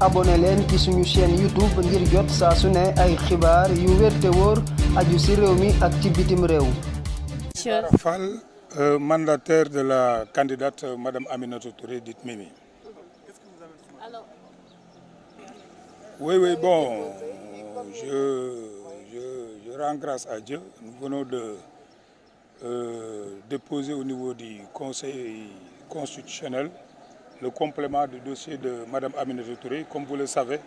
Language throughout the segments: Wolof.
abonné leen ci suñu chaîne YouTube ngir jot saa su ne ay xibaar yu wér te wóor aju ci réew mi ak ci bitim réew. Fall euh, mandataire de la candidate euh, Madame Aminata Touré dite Mimi. Oui, oui, bon, je, je, je rends grâce à Dieu. Nous venons de euh, déposer au niveau du Conseil constitutionnel le complément du dossier de Mme Aminata Touré. Comme vous le savez,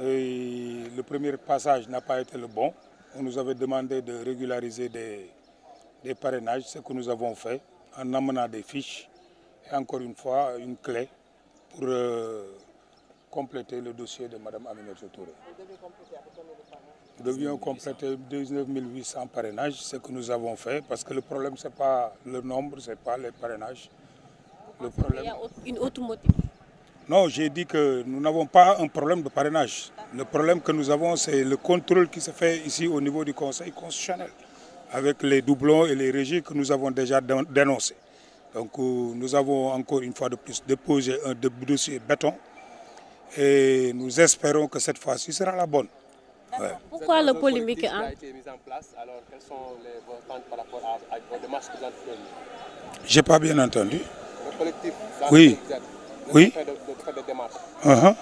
euh, le premier passage n'a pas été le bon. On nous avait demandé de régulariser des, des parrainages, ce que nous avons fait en amenant des fiches et encore une fois une clé pour euh, compléter le dossier de Mme Aminata Touré. Nous devions compléter 19 800 parrainages, ce que nous avons fait, parce que le problème, ce n'est pas le nombre, ce n'est pas les parrainages. le problème. Il y a une autre j'ai dit que nous n'avons pas un problème de parrainage. Le problème que nous avons, c'est le contrôle qui se fait ici au niveau du Conseil constitutionnel, avec les doublons et les régies que nous avons déjà dénoncés. Euh, nous avons encore une fois de plus déposé un dossier béton et nous espérons que cette fois-ci sera la bonne. Ouais. J'ai pas bien entendu. collectif. Oui. Oui. Uh-huh.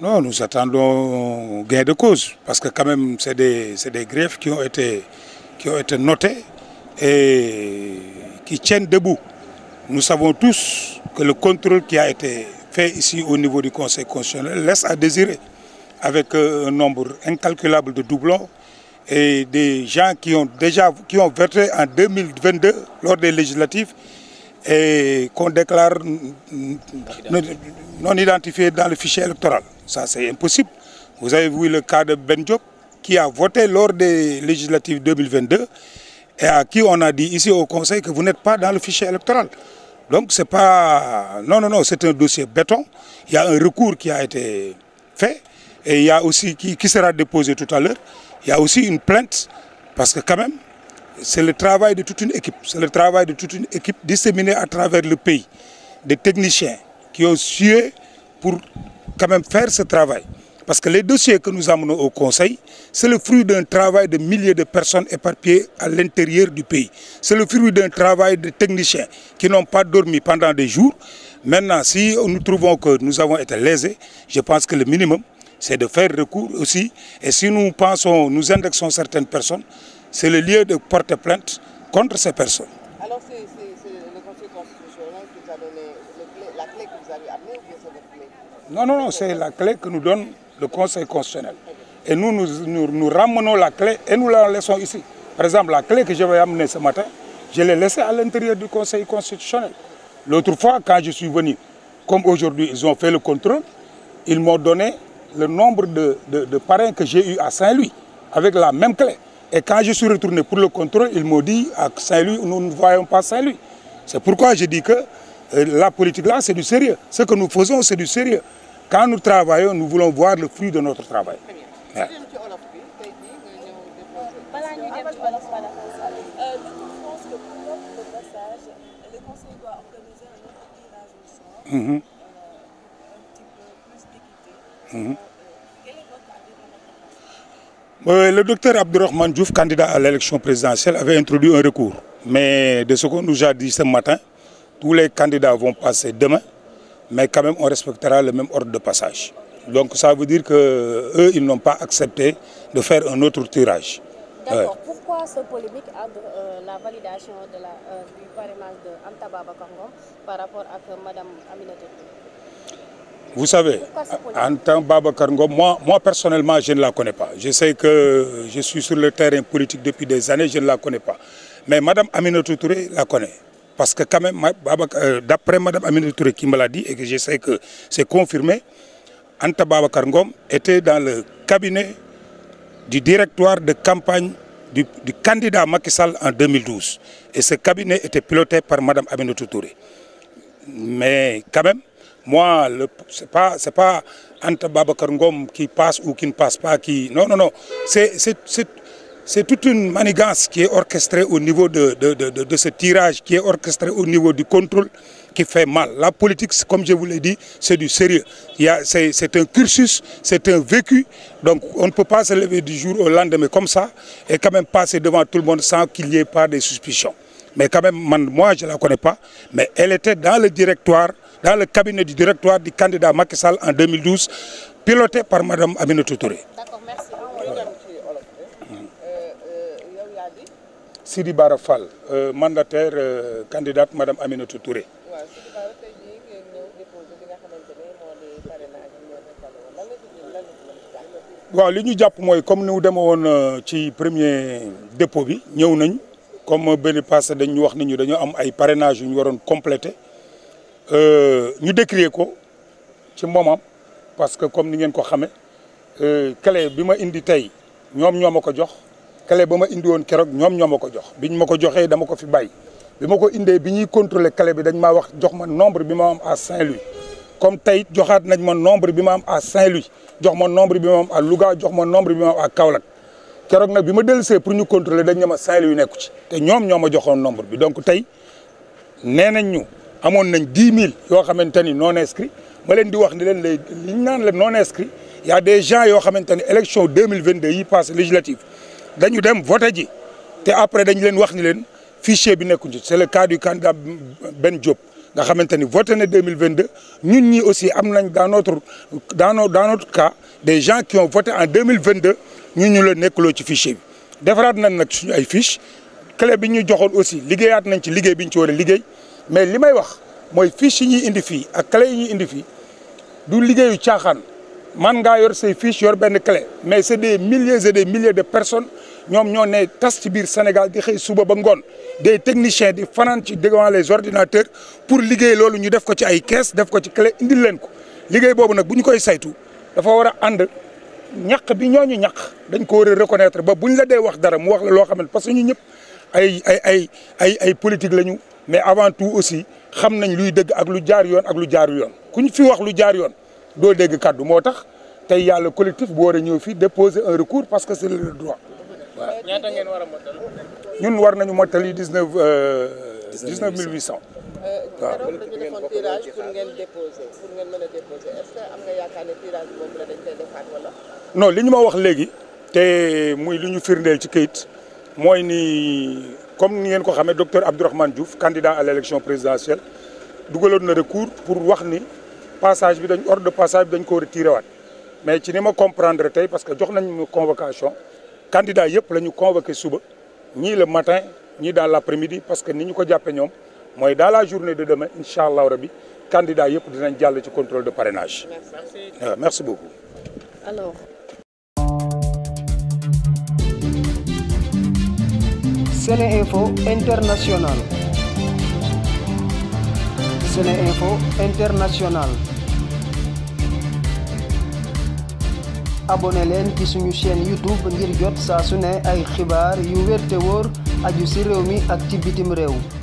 Non, nous attendons gain de cause, parce que quand même, c'est des, des greffes qui ont, été, qui ont été notées et qui tiennent debout. Nous savons tous que le contrôle qui a été fait ici au niveau du Conseil constitutionnel laisse à désirer, avec euh, un nombre incalculable de doublons et des gens qui ont déjà qui ont voté en 2022 lors des législatives et qu'on déclare non identifiés dans le fichier électoral. Ça, c'est impossible. Vous avez vu le cas de Ben Diop qui a voté lors des législatives 2022 et à qui on a dit ici au Conseil que vous n'êtes pas dans le fichier électoral. Donc c'est pas... Non, non, non, c'est un dossier béton. Il y a un recours qui a été fait et qui sera déposé tout à l'heure. Il y a aussi une plainte, parce que quand même, c'est le travail de toute une équipe. C'est le travail de toute une équipe disséminée à travers le pays. Des techniciens qui ont sué pour quand même faire ce travail. Parce que les dossiers que nous amenons au Conseil, c'est le fruit d'un travail de milliers de personnes éparpillées à l'intérieur du pays. C'est le fruit d'un travail de techniciens qui n'ont pas dormi pendant des jours. Maintenant, si nous trouvons que nous avons pense que le minimum, c'est de faire recours aussi. Et si nous pensons, nous indexons certaines personnes, c'est le lieu de porter plainte contre ces personnes. a donné clé, la Non, non, c'est la clé que nous donne le Conseil constitutionnel. Et nous nous, ramenons la clé et nous la laissons ici. Par exemple, la clé que je vais amener ce matin, je l'ai laissée à l'intérieur du Conseil constitutionnel. L'autre fois, quand je suis venu, comme aujourd'hui, ils ont fait le contrôle, ils m'ont donné le nombre de, de, de que j'ai eu à Saint-Louis avec la même clé. Et quand je suis retourné pour le contrôle, ils m'ont dit à Saint-Louis, nous ne voyons pas Saint-Louis. C'est pourquoi je dis que euh, la politique là, c'est du sérieux. Ce que nous travaillons, nous voulons voir le fruit de notre travail. Mmh. Euh, le docteur Abdourahmane Diouf, candidat à l'élection présidentielle, avait introduit un recours. Mais de ce qu'on nous a dit ce matin, tous les candidats vont passer demain, mais quand même on respectera le même ordre de passage. Donc ça veut dire qu'eux, ils n'ont pas accepté de faire un autre tirage. Vous savez, en tant que Babacar Ngom, moi, moi personnellement, je ne la connais pas. Je sais que je suis sur le terrain politique depuis des années, je ne la connais pas. Mais Madame Aminata Touré la connaît. Parce que quand même, euh, d'après Madame Aminata Touré qui me l'a dit et que je sais que c'est confirmé, Anta Babacar Ngom était dans le cabinet du directoire de campagne du, du candidat Macky Sall en 2012. Et ce cabinet était piloté par Madame Aminata Touré. Mais quand même, Moi, ce n'est pas, pas Anta Babakar Ngom qui passe ou qui ne passe pas. Qui... Non, non, non. C'est toute une manigance qui est orchestrée au niveau de, de, de, de, ce tirage, qui est orchestrée au niveau du contrôle, qui fait mal. La politique, comme je vous l'ai dit, c'est du sérieux. C'est un cursus, c'est un vécu. Donc on ne peut pas se lever du jour au lendemain comme ça et quand même passer devant tout le monde sans qu'il n'y ait pas de suspicions. Mais quand même, moi, je la connais le directoire dans le cabinet di directoire du candidat Macky Sall en 2012 piloté par madame Aminata Touré. D'accord, merci. Sidi Bara Fall euh, euh, Touré. waaw li ñu jàpp mooy comme ni mu demee woon euh, ci premier dépôt bi ñëw nañ comme benn passé dañ ñu wax nañu ñu dañoo am ay parrainage yu ñu waroon complété. Euh, ñu décrier ko ci moomam parce que comme ni ngeen ko xame euh, clé bi ma indi tey ñoom ñoo ma ko jox clé ba ma indi woon keroog ñoom ñoo ma ko jox biñ ma ko joxee dama ko fi bàyyi bi ma ko indee bi ñuy contrôler clé bi dañ maa wax jox ma nombre bi ma am à saint comme tey joxaat nañ ma nombre bi ma am à saint jox ma nombre bi ma am à jox ma nombre bi ma am à Kaolack keroog nag bi ma dellusee pour ñu contrôler dañ ne ma Saint-Louis nekku ci te ñoom ñoo ma joxoon nombre bi donc tey nee nañ ñu amoon nañ dix mille yoo xamante ni non inscrits ma leen di wax ni leen lay li ñu naan leen non inscrits y a des gens yoo xamante ni élection deux mille vingt deux yi passé législative dañu dem voté ji te après dañu leen wax ni leen fichier bi nekkuñu c'est le cas du candidat benn Diop. nga xamante ni voté na deux mille vingt deux ñun ñii aussi am nañ dans notre dans des gens qui en deux mille vingt deux ñun ñu la nekkuloo ci fichier bi defaraat nañ nag suñu ay fiche clé bi ñu joxoon aussi liggéeyaat nañ ci liggéey bi ñu ci war a liggéey. mais li may wax mooy fiche yi ñuy indi fii ak clé yi ñuy indi fii du liggéeyu caaxaan man ngaa yor se fiche yor benn clé mais c'est des milliers des milliers de personnes ñoom ñoo ne tas ci biir Sénégal di xëy suba ba ngoon de technicien di fanaan ci devant les ordinateurs pour liggéey loolu ñu def ko ci ay caisse def ko ci clé indil leen ko liggéey boobu nag bu ñu koy saytu dafa war a ànd ñàq bi ñooñu ñàq dañ ko war a reconnaître ba buñ la dee wax dara mu wax loo xam ne parce que ñu ñëpp ay ay ay ay ay politique lañu mais avant tout aussi xam nañ luy dëgg ak lu jaar yoon ak lu jaar yoon ku ñu fi wax lu jaar yoon doo dégg kàddu moo tax tey yàlla collectif bu war a ñëw fii déposer un recours parce que c'est le droit ngeen war a mottali. ñun war nañu mottali dix neuf euh, dix neuf euh, waaw ngeen déposer li ñu ma wax léegi te muy lu ñu firndeel ci kayit. mooy ni comme ni ngeen ko xamee docteur Abdourahmane Diouf candidat à l' élection présidentielle dugaloon na recours pour wax ni passage bi dañ ordre de passage bi dañ ko retiré waat mais ci ni ma comprendre tey parce que jox nañu convocation candidat yëpp la ñu convoqué suba ñii le matin ñii dans l' après midi parce que ni ñu ko jàppee ñoom mooy dans la journée de demain incha allah rabi candidat yëpp dinañ jàll ci contrôle de parrainage. merci, merci Sene Info International Sene International abonné leen ci sunu chaîne YouTube ngir jot saa su ne ay xibaar yu wér te aju ci réew mi ak ci bitim réew